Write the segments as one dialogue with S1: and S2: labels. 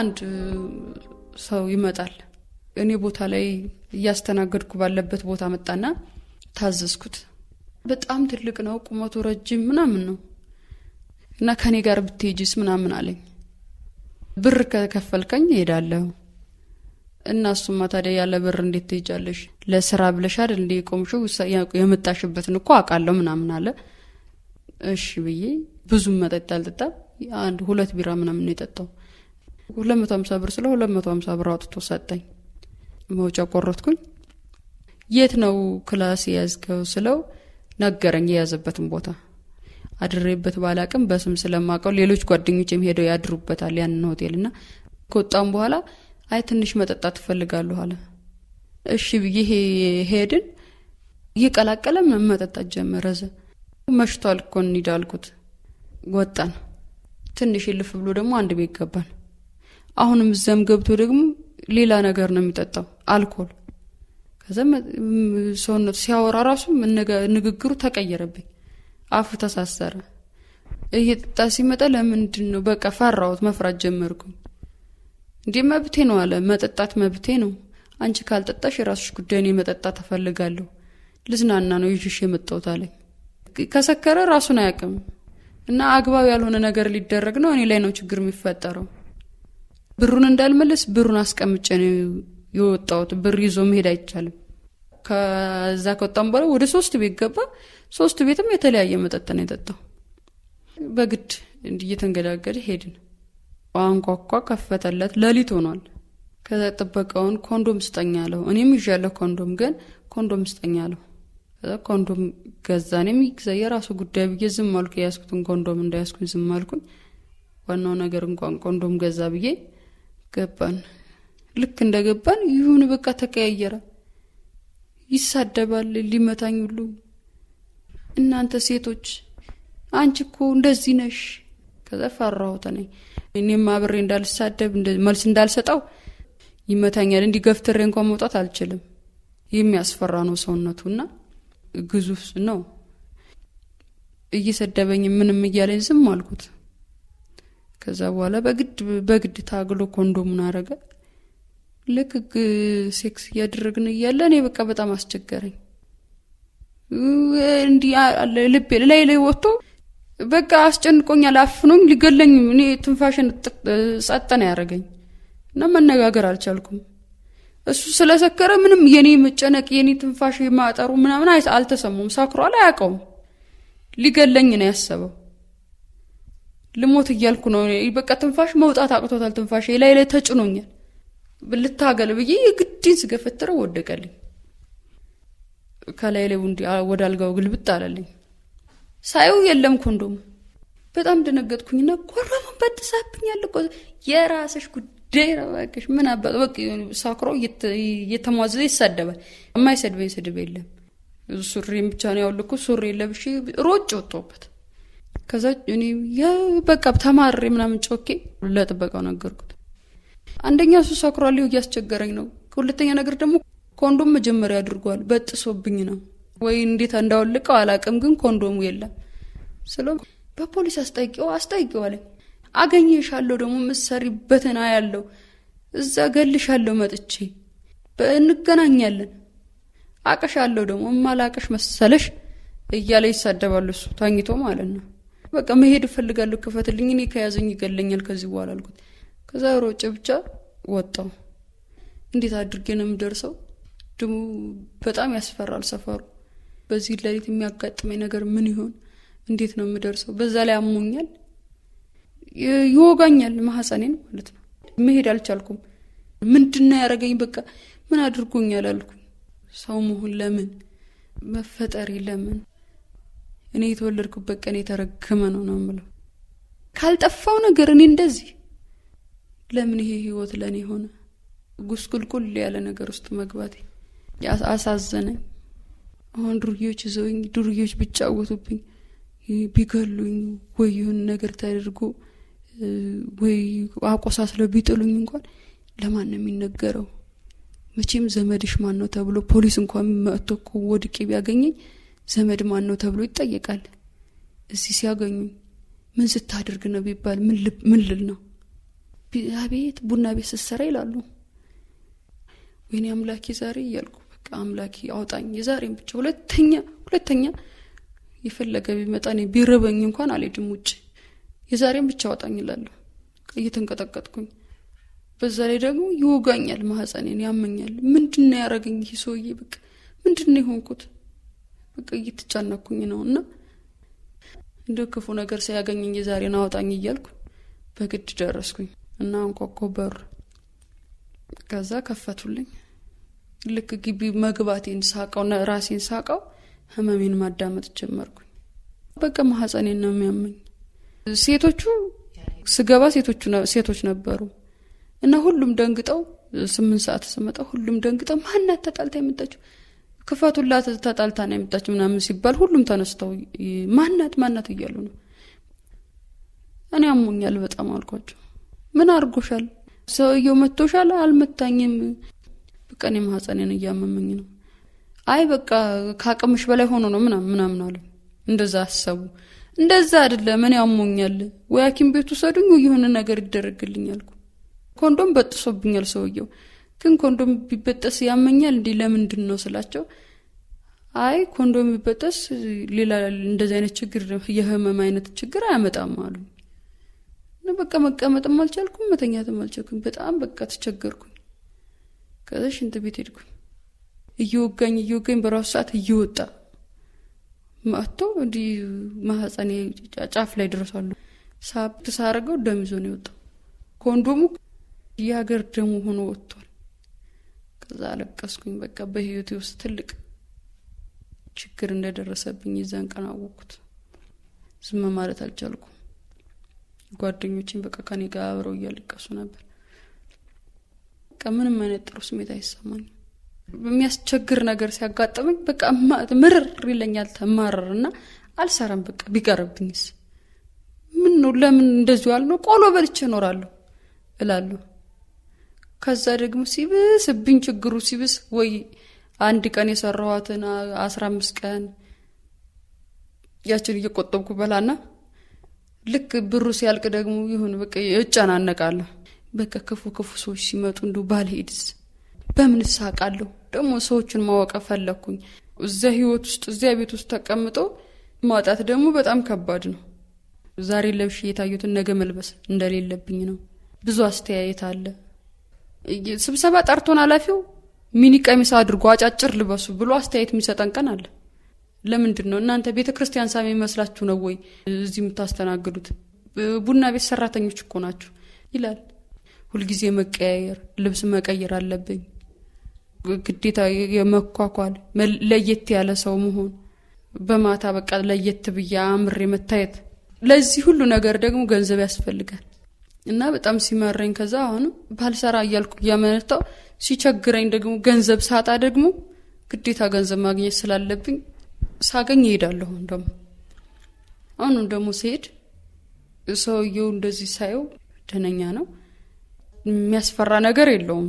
S1: አንድ ሰው ይመጣል። እኔ ቦታ ላይ እያስተናገድኩ ባለበት ቦታ መጣና ታዘዝኩት። በጣም ትልቅ ነው፣ ቁመቱ ረጅም ምናምን ነው እና ከኔ ጋር ብትሄጂስ ምናምን አለኝ። ብር ከከፈልከኝ እሄዳለሁ እና እሱማ ታዲያ ያለ ብር እንዴት ትሄጃለሽ? ለስራ ብለሽ አይደል እንዴ ቆምሽው? የመጣሽበትን እኮ አውቃለሁ ምናምን አለ። እሺ ብዬ ብዙም መጠጥ አልጠጣም። አንድ ሁለት ቢራ ምናምን የጠጣው ሁለት መቶ ሀምሳ ብር ስለ ሁለት መቶ ሀምሳ ብር አውጥቶ ሰጠኝ። መውጫ ቆረጥኩኝ። የት ነው ክላስ የያዝከው ስለው ነገረኝ የያዘበትን ቦታ አድሬበት ባላቅም በስም ስለማውቀው ሌሎች ጓደኞችም ሄደው ያድሩበታል ያንን ሆቴል እና ከወጣም በኋላ አይ ትንሽ መጠጣት እፈልጋለሁ አለ። እሺ ብዬ ሄድን። እየቀላቀለ መጠጣት ጀመረ። እዛ መሽቷል እኮ እንሂድ አልኩት። ወጣን። ትንሽ ይልፍ ብሎ ደግሞ አንድ ቤት ገባን። አሁንም እዚያም ገብቶ ደግሞ ሌላ ነገር ነው የሚጠጣው አልኮል። ከዛ ሰውነቱ ሲያወራ ራሱ ንግግሩ ተቀየረብኝ፣ አፉ ተሳሰረ። እየጠጣ ሲመጣ ለምንድን ነው በቃ ፈራሁት፣ መፍራት ጀመርኩኝ። እንዲህ መብቴ ነው አለ፣ መጠጣት መብቴ ነው። አንቺ ካልጠጣሽ የራስሽ ጉዳይ፣ ነው መጠጣት እፈልጋለሁ። ልዝናና ነው ይዤሽ የመጣሁት አለኝ። ከሰከረ ራሱን አያቅም። እና አግባብ ያልሆነ ነገር ሊደረግ ነው። እኔ ላይ ነው ችግር የሚፈጠረው። ብሩን እንዳልመለስ ብሩን አስቀምጬ ነው የወጣሁት። ብር ይዞ መሄድ አይቻልም። ከዛ ከወጣም በኋላ ወደ ሶስት ቤት ገባ። ሶስት ቤትም የተለያየ መጠጥ ነው የጠጣው። በግድ እየተንገዳገደ ሄድን። አንኳኳ፣ ከፈተለት። ለሊት ሆኗል። ከዛ ኮንዶም ስጠኝ አለው። እኔም ይዣለሁ ኮንዶም፣ ግን ኮንዶም ስጠኝ አለው። ከዛ ኮንዶም ገዛ። እኔም ይግዛ የራሱ ጉዳይ ብዬ ዝም አልኩ። የያዝኩትን ኮንዶም እንዳያዝኩኝ ዝም አልኩኝ። ዋናው ነገር እንኳን ኮንዶም ገዛ ብዬ ገባን። ልክ እንደ ገባን ይሁን በቃ ተቀያየረ። ይሳደባል፣ ሊመታኝ ሁሉ እናንተ ሴቶች አንቺ እኮ እንደዚህ ነሽ። ከዛ ፈራሁት ነኝ እኔም አብሬ እንዳልሳደብ መልስ እንዳልሰጠው ይመታኛል። እንዲህ ገፍትሬ እንኳን መውጣት አልችልም። የሚያስፈራ ነው ሰውነቱና ግዙፍ ነው። እየሰደበኝ ምንም እያለኝ ዝም አልኩት። ከዛ በኋላ በግድ በግድ ታግሎ ኮንዶሙን አረገ። ልክ ሴክስ እያደረግን እያለ እኔ በቃ በጣም አስቸገረኝ። እንዲህ ልቤ ላይ ላይ ወጥቶ በቃ አስጨንቆኛል፣ አፍኖኝ ሊገለኝ እኔ ትንፋሽን ጸጥን ያደረገኝ እና መነጋገር አልቻልኩም። እሱ ስለሰከረ ምንም የኔ መጨነቅ የኔ ትንፋሽ ማጠሩ ምናምን አልተሰማውም። ሳክሯል፣ አያውቀውም። ሊገለኝ ነው ያሰበው። ልሞት እያልኩ ነው። በቃ ትንፋሽ መውጣት አቅቶታል። ትንፋሽ ላይ ላይ ተጭኖኛል። ልታገል ብዬ የግድን ስገፈትረው ወደቀልኝ። ከላይ ላይ ወደ አልጋው ግልብጥ አላለኝ። ሳየው የለም ኮንዶም። በጣም ደነገጥኩኝና ጎረሙን በጥሳብኛል እኮ የራስሽ ጉዳይ ረባክሽ ምን አባ ሳክሮ እየተሟዘዘ ይሳደባል። የማይሰድበኝ ስድብ የለም። ሱሪም ብቻ ነው ያውልኩ። ሱሪ ለብሼ ሮጭ ወጥቶበት ከዛ እኔ በቃ ተማሬ ምናምን ጮኬ ለጥበቃው ነገርኩት። አንደኛ እሱ ሰክሯል፣ እያስቸገረኝ ነው። ሁለተኛ ነገር ደግሞ ኮንዶም መጀመሪያ አድርጓል፣ በጥሶብኝ ነው ወይ እንዴት እንዳወልቀው አላቅም፣ ግን ኮንዶሙ የለም ስለ በፖሊስ አስጠይቂው አስጠይቂው አገኘሻለሁ ደግሞ ምሰሪበትን ያለው እዛ ገልሻለሁ፣ መጥቼ እንገናኛለን፣ አቀሻለሁ ደግሞ እማላቀሽ መሰለሽ እያለ ይሳደባሉ። እሱ ታኝቶ ማለት ነው። በቃ መሄድ እፈልጋለሁ ክፈትልኝ፣ እኔ ከያዘኝ ይገለኛል ከዚህ በኋላ አልኩት። ከዛ ሮጭ ብቻ ወጣው። እንዴት አድርጌ ነው የምደርሰው? ድሙ በጣም ያስፈራል ሰፈሩ። በዚህ ለሊት የሚያጋጥመኝ ነገር ምን ይሆን? እንዴት ነው የምደርሰው? በዛ ላይ አሞኛል፣ ይወጋኛል፣ ማህፀኔን ማለት ነው። መሄድ አልቻልኩም። ምንድነው ያደረገኝ? በቃ ምን አድርጎኛል አልኩኝ። ሰው መሆን ለምን መፈጠሪ ለምን እኔ የተወለድኩበት ቀን የተረገመ ነው ነው ምለው ካልጠፋው ነገር እኔ እንደዚህ ለምን ይሄ ህይወት ለእኔ ሆነ? ጉስቁልቁል ያለ ነገር ውስጥ መግባቴ አሳዘነኝ። አሁን ዱርዬዎች ይዘውኝ ዱርዬዎች ቢጫወቱብኝ ቢገሉኝ፣ ወይ ይሁን ነገር ተደርጎ ወይ አቆሳስለው ቢጥሉኝ እንኳን ለማን ነው የሚነገረው? መቼም ዘመድሽ ማን ነው ተብሎ ፖሊስ እንኳን መጥቶ ወድቄ ቢያገኘኝ ዘመድ ማን ነው ተብሎ ይጠየቃል። እዚህ ሲያገኙኝ ምን ስታደርግ ነው ቢባል ምን ልል ነው? ቤት ቡና ቤት ስትሰራ ይላሉ። ወይኔ አምላኬ ዛሬ እያልኩ በቃ አምላኬ አውጣኝ፣ የዛሬም ብቻ ሁለተኛ ሁለተኛ የፈለገ ቢመጣ እኔ ቢርበኝ እንኳን አልሄድም ውጭ፣ የዛሬም ብቻ አውጣኝ ይላሉ እየተንቀጠቀጥኩኝ። በዛ ላይ ደግሞ ይወጋኛል፣ ማህፀኔን ያመኛል። ምንድን ነው ያደረገኝ ይህ ሰውዬ? በቃ ምንድን ነው የሆንኩት? በቃ እየተጫነኩኝ ነው እና እንደ ክፉ ነገር ሳያገኘኝ የዛሬን አውጣኝ እያልኩ በግድ ደረስኩኝ እና አንኳኳ በሩ። ከዛ ከፈቱልኝ። ልክ ግቢ መግባቴን ሳቀው፣ ራሴን ሳቀው፣ ህመሜን ማዳመጥ ጀመርኩኝ። በቃ ማህፀኔን ነው የሚያመኝ። ሴቶቹ ስገባ ሴቶች ነበሩ እና ሁሉም ደንግጠው፣ ስምንት ሰዓት ስመጣ ሁሉም ደንግጠው ማናት ተጣልታ የመጣችው ክፈቱላ ተጣልታ ነው የመጣች ምናምን ሲባል ሁሉም ተነስተው ማናት ማናት እያሉ ነው። እኔ አሞኛል በጣም አልኳቸው። ምን አድርጎሻል? ሰውየው መቶሻል? አልመታኝም። በቃ እኔ ማህፀኔን እያመመኝ ነው። አይ በቃ ከአቅምሽ በላይ ሆኖ ነው ምናምን ምናምን አሉ። እንደዛ አሰቡ። እንደዛ አይደለም እኔ አሞኛል፣ ወይ ሐኪም ቤቱ ሰዱኝ፣ የሆነ ነገር ይደረግልኝ አልኩ። ኮንዶም በጥሶብኛል ሰውየው ግን ኮንዶም ቢበጠስ ያመኛል እንዲህ ለምንድን ነው ስላቸው አይ ኮንዶም ቢበጠስ ሌላ እንደዚህ አይነት ችግር የህመም አይነት ችግር አያመጣም አሉ በቃ መቀመጥም አልቻልኩም መተኛትም አልቻልኩም በጣም በቃ ተቸገርኩኝ ከዛ ሽንት ቤት ሄድኩኝ እየወጋኝ እየወጋኝ በራሱ ሰዓት እየወጣ መጥቶ እንዲህ ማህፀን ጫፍ ላይ ድረሳሉ ሳፕ ደም ይዞ ነው የወጣው ኮንዶሙ የሀገር ደሙ ሆኖ ወጥቷል ከዛ አለቀስኩኝ። በቃ በህይወቴ ውስጥ ትልቅ ችግር እንደደረሰብኝ ይዛን ቀን አወቅኩት። ዝም ማለት አልቻልኩም። ጓደኞችን በቃ ከኔ ጋር አብረው እያለቀሱ ነበር። በቃ ምንም አይነት ጥሩ ስሜት አይሰማኝም። የሚያስቸግር ነገር ሲያጋጥመኝ በቃ ምርር ይለኛል። ተማረር እና አልሰራም። በቃ ቢቀርብኝስ ምን ነው? ለምን እንደዚሁ አልነው? ቆሎ በልቼ እኖራለሁ እላለሁ። ከዛ ደግሞ ሲብስብኝ ችግሩ ሲብስ ወይ አንድ ቀን የሰራኋትን አስራ አምስት ቀን ያችን እየቆጠብኩ በላና ልክ ብሩ ሲያልቅ ደግሞ ይሁን በቃ እጨናነቃለሁ። በቃ ክፉ ክፉ ሰዎች ሲመጡ እንዱ ባልሄድስ በምን ሳቃለሁ? ደግሞ ሰዎችን ማወቀ ፈለግኩኝ። እዚያ ህይወት ውስጥ እዚያ ቤት ውስጥ ተቀምጦ ማጣት ደግሞ በጣም ከባድ ነው። ዛሬ ለብሽ የታዩትን ነገ መልበስ እንደሌለብኝ ነው። ብዙ አስተያየት አለ። ስብሰባ ጠርቶን ኃላፊው ሚኒ ቀሚስ አድርጎ አጫጭር ልበሱ ብሎ አስተያየት የሚሰጠን ቀን አለ። ለምንድን ነው እናንተ ቤተ ክርስቲያን ሳሚ መስላችሁ ነው ወይ እዚህ የምታስተናግዱት? ቡና ቤት ሰራተኞች እኮ ናችሁ ይላል። ሁልጊዜ መቀያየር፣ ልብስ መቀየር አለብኝ ግዴታ፣ የመኳኳል ለየት ያለ ሰው መሆን፣ በማታ በቃ ለየት ብዬ አምሬ መታየት። ለዚህ ሁሉ ነገር ደግሞ ገንዘብ ያስፈልጋል። እና በጣም ሲመረኝ ከዛ አሁን ባልሰራ እያልኩ እያመነታው ሲቸግረኝ ደግሞ ገንዘብ ሳጣ ደግሞ ግዴታ ገንዘብ ማግኘት ስላለብኝ ሳገኝ እሄዳለሁ። ደግሞ አሁንም ደግሞ ሲሄድ ሰውየው እንደዚህ ሳየው ደነኛ ነው፣ የሚያስፈራ ነገር የለውም፣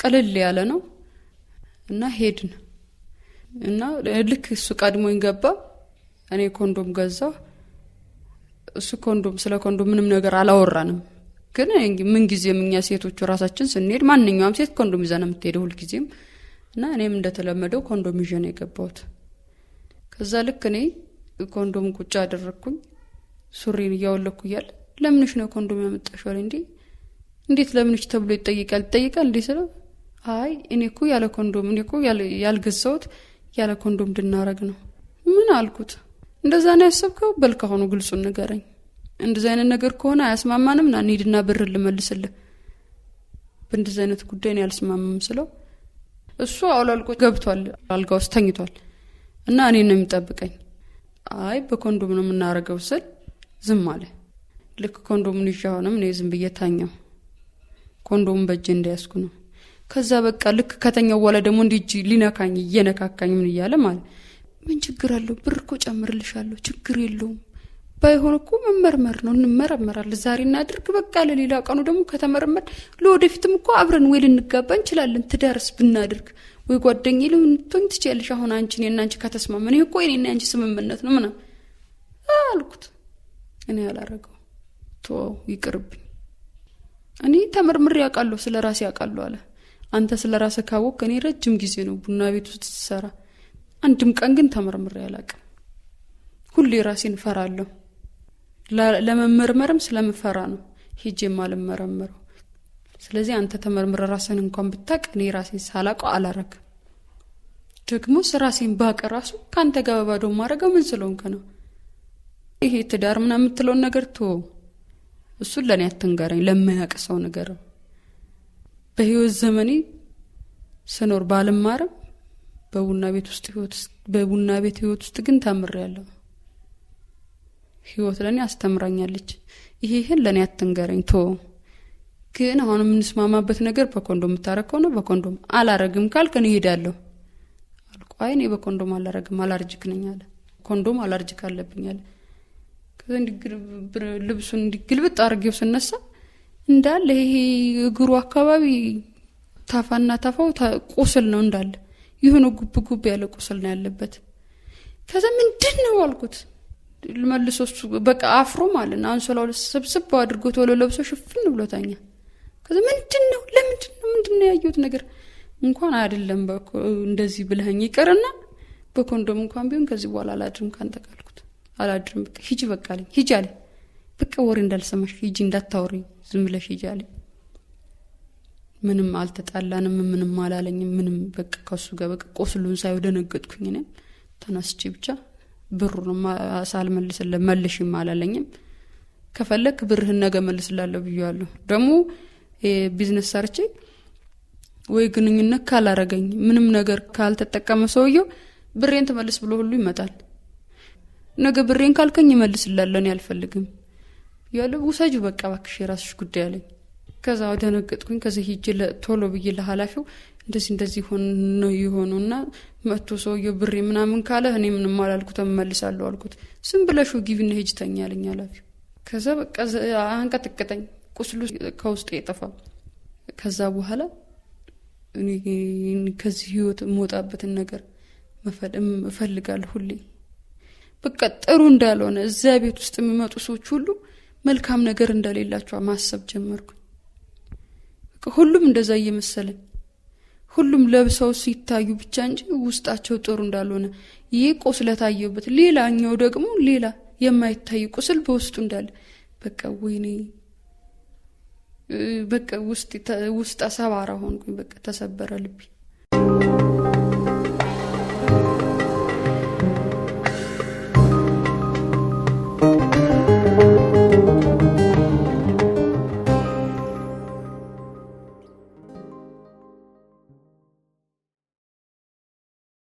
S1: ቅልል ያለ ነው እና ሄድን እና ልክ እሱ ቀድሞኝ ገባ። እኔ ኮንዶም ገዛ። እሱ ኮንዶም ስለ ኮንዶም ምንም ነገር አላወራንም። ግን ምንጊዜም እኛ ሴቶቹ ራሳችን ስንሄድ ማንኛውም ሴት ኮንዶም ይዛ ነው የምትሄደው ሁልጊዜም እና እኔም እንደተለመደው ኮንዶም ይዤ ነው የገባሁት። ከዛ ልክ እኔ ኮንዶም ቁጭ አደረግኩኝ። ሱሪን እያወለኩ እያለ ለምንሽ ነው ኮንዶም ያመጣሽው አለ። እንዴት ለምንሽ ተብሎ ይጠይቃል ይጠይቃል እንዲ ስለው አይ እኔ እኮ ያለ ኮንዶም እኔ እኮ ያልገዛሁት ያለ ኮንዶም እንድናረግ ነው። ምን አልኩት። እንደዛ ነው ያሰብከው? በልክ ግልጹን ንገረኝ። እንደዚህ አይነት ነገር ከሆነ አያስማማንም ና ኒድና ብር ልመልስልህ በእንደዚህ አይነት ጉዳይ ነው ያልስማማም ስለው እሱ አውላልቆ ገብቷል አልጋ ውስጥ ተኝቷል እና እኔ ነው የሚጠብቀኝ አይ በኮንዶም ነው የምናደርገው ስል ዝም አለ ልክ ኮንዶሙን ይዤ እኔ ዝም ብዬ ታኘው ኮንዶም በእጅ እንዳያስኩ ነው ከዛ በቃ ልክ ከተኛው በኋላ ደግሞ እንዲ እጅ ሊነካኝ እየነካካኝ ምን እያለ ማለት ምን ችግር አለው ብር እኮ ጨምርልሻለሁ ችግር የለውም ባይሆን እኮ መመርመር ነው። እንመረመራለን። ዛሬ እናድርግ፣ በቃ ለሌላ ቀኑ ደግሞ ከተመረመር ለወደፊትም እኮ አብረን ወይ ልንጋባ እንችላለን። ትዳርስ ብናድርግ ወይ ጓደኛ ልንቶኝ ትችያለሽ። አሁን አንቺ እኔና አንቺ ከተስማመን እኮ እኔና አንቺ ስምምነት ነው ምናምን አልኩት። እኔ አላረገው ቶ ይቅርብኝ። እኔ ተመርምሬ ያውቃለሁ፣ ስለ ራሴ ያውቃለሁ አለ። አንተ ስለ ራስህ ካወቅ እኔ ረጅም ጊዜ ነው ቡና ቤት ውስጥ ስትሰራ አንድም ቀን ግን ተመርምሬ አላውቅም። ሁሌ ራሴን እፈራለሁ። ለመመርመርም ስለምፈራ ነው ሂጅ የማልመረምረው ስለዚህ አንተ ተመርምረ ራስን እንኳን ብታቅ እኔ ራሴን ሳላቀ አላረግም። ደግሞ ራሴን ባቅ ራሱ ከአንተ ጋር በባዶ ማድረገው ምን ስለሆንክ ነው? ይሄ ትዳር ምና የምትለውን ነገር ቶ እሱን ለእኔ አትንገረኝ፣ ለማያቅ ሰው ነገር በህይወት ዘመኔ ስኖር ባልማርም በቡና ቤት ውስጥ በቡና ቤት ህይወት ውስጥ ግን ያለው ህይወት ለእኔ አስተምራኛለች ይሄ ይህን ለእኔ አትንገረኝ ቶ ግን አሁን የምንስማማበት ነገር በኮንዶም የምታረግ ከሆነ በኮንዶም አላረግም ካልክ እንሄዳለሁ አልኩ አይ እኔ በኮንዶም አላረግም አላርጅክ ነኝ አለ ኮንዶም አላርጅክ አለብኝ አለ ከዛ ልብሱን እንዲግልብጥ አርጌው ስነሳ እንዳለ ይሄ እግሩ አካባቢ ታፋና ታፋው ቁስል ነው እንዳለ የሆነ ጉብ ጉብ ያለ ቁስል ነው ያለበት ከዛ ምንድን ነው አልኩት መልሶ በቃ አፍሮ ማለት ነው። አንሶላው ሰብስብ አድርጎ ቶሎ ለብሶ ሽፍን ብሎታኛ። ከዚ ምንድን ነው ለምንድን ነው ምንድን ነው ያየሁት ነገር እንኳን አይደለም እንደዚህ ብለኸኝ ይቅርና በኮንዶም እንኳን ቢሆን ከዚህ በኋላ አላድርም ካንተ ካልኩት አላድርም በቃ ሂጂ በቃ አለኝ። ሂጂ አለ በቃ ወሬ እንዳልሰማሽ ሂጂ እንዳታወሪኝ ዝም ብለሽ ሂጂ አለ ምንም አልተጣላንም፣ ምንም አላለኝም። ምንም በቃ ከሱ ጋር በቃ ቆስሉን ሳይወደነገጥኩኝ እኔም ተነስቼ ብቻ ብሩን ሳልመልስለት መልሽም አላለኝም። ከፈለክ ብርህን ነገ መልስላለሁ ብያለሁ። ደግሞ ቢዝነስ ሰርቼ ወይ ግንኙነት ካላረገኝ ምንም ነገር ካልተጠቀመ ሰውየው ብሬን ትመልስ ብሎ ሁሉ ይመጣል። ነገ ብሬን ካልከኝ መልስላለን ያልፈልግም ያለ ያለው ውሰጁ፣ በቃ ባክሽ የራስሽ ጉዳይ አለኝ። ከዛ ደነገጥኩኝ። ከዚ ሂጅ ቶሎ ብዬ ለኃላፊው እንደዚህ እንደዚህ ሆን ነው የሆነው እና መጥቶ ሰውየው ብሬ ምናምን ካለ እኔ ምንም አላልኩት እመልሳለሁ አልኩት። ዝም ብለሽ ጊቪና ሂጅ ተኛ አለኝ ኃላፊው። ከዛ በቃ አንቀጥቅጠኝ፣ ቁስሉ ከውስጥ የጠፋ ከዛ በኋላ ከዚህ ህይወት የምወጣበትን ነገር እፈልጋለሁ ሁሌ በቃ ጥሩ እንዳልሆነ እዚያ ቤት ውስጥ የሚመጡ ሰዎች ሁሉ መልካም ነገር እንደሌላቸው ማሰብ ጀመርኩኝ። ሁሉም እንደዛ እየመሰለኝ ሁሉም ለብሰው ሲታዩ ብቻ እንጂ ውስጣቸው ጥሩ እንዳልሆነ ይህ ቁስለት አየሁበት። ሌላኛው ደግሞ ሌላ የማይታይ ቁስል በውስጡ እንዳለ በቃ ወይኔ በቃ ውስጥ አሰባራ ሆንኩኝ። በቃ ተሰበረ ልቤ።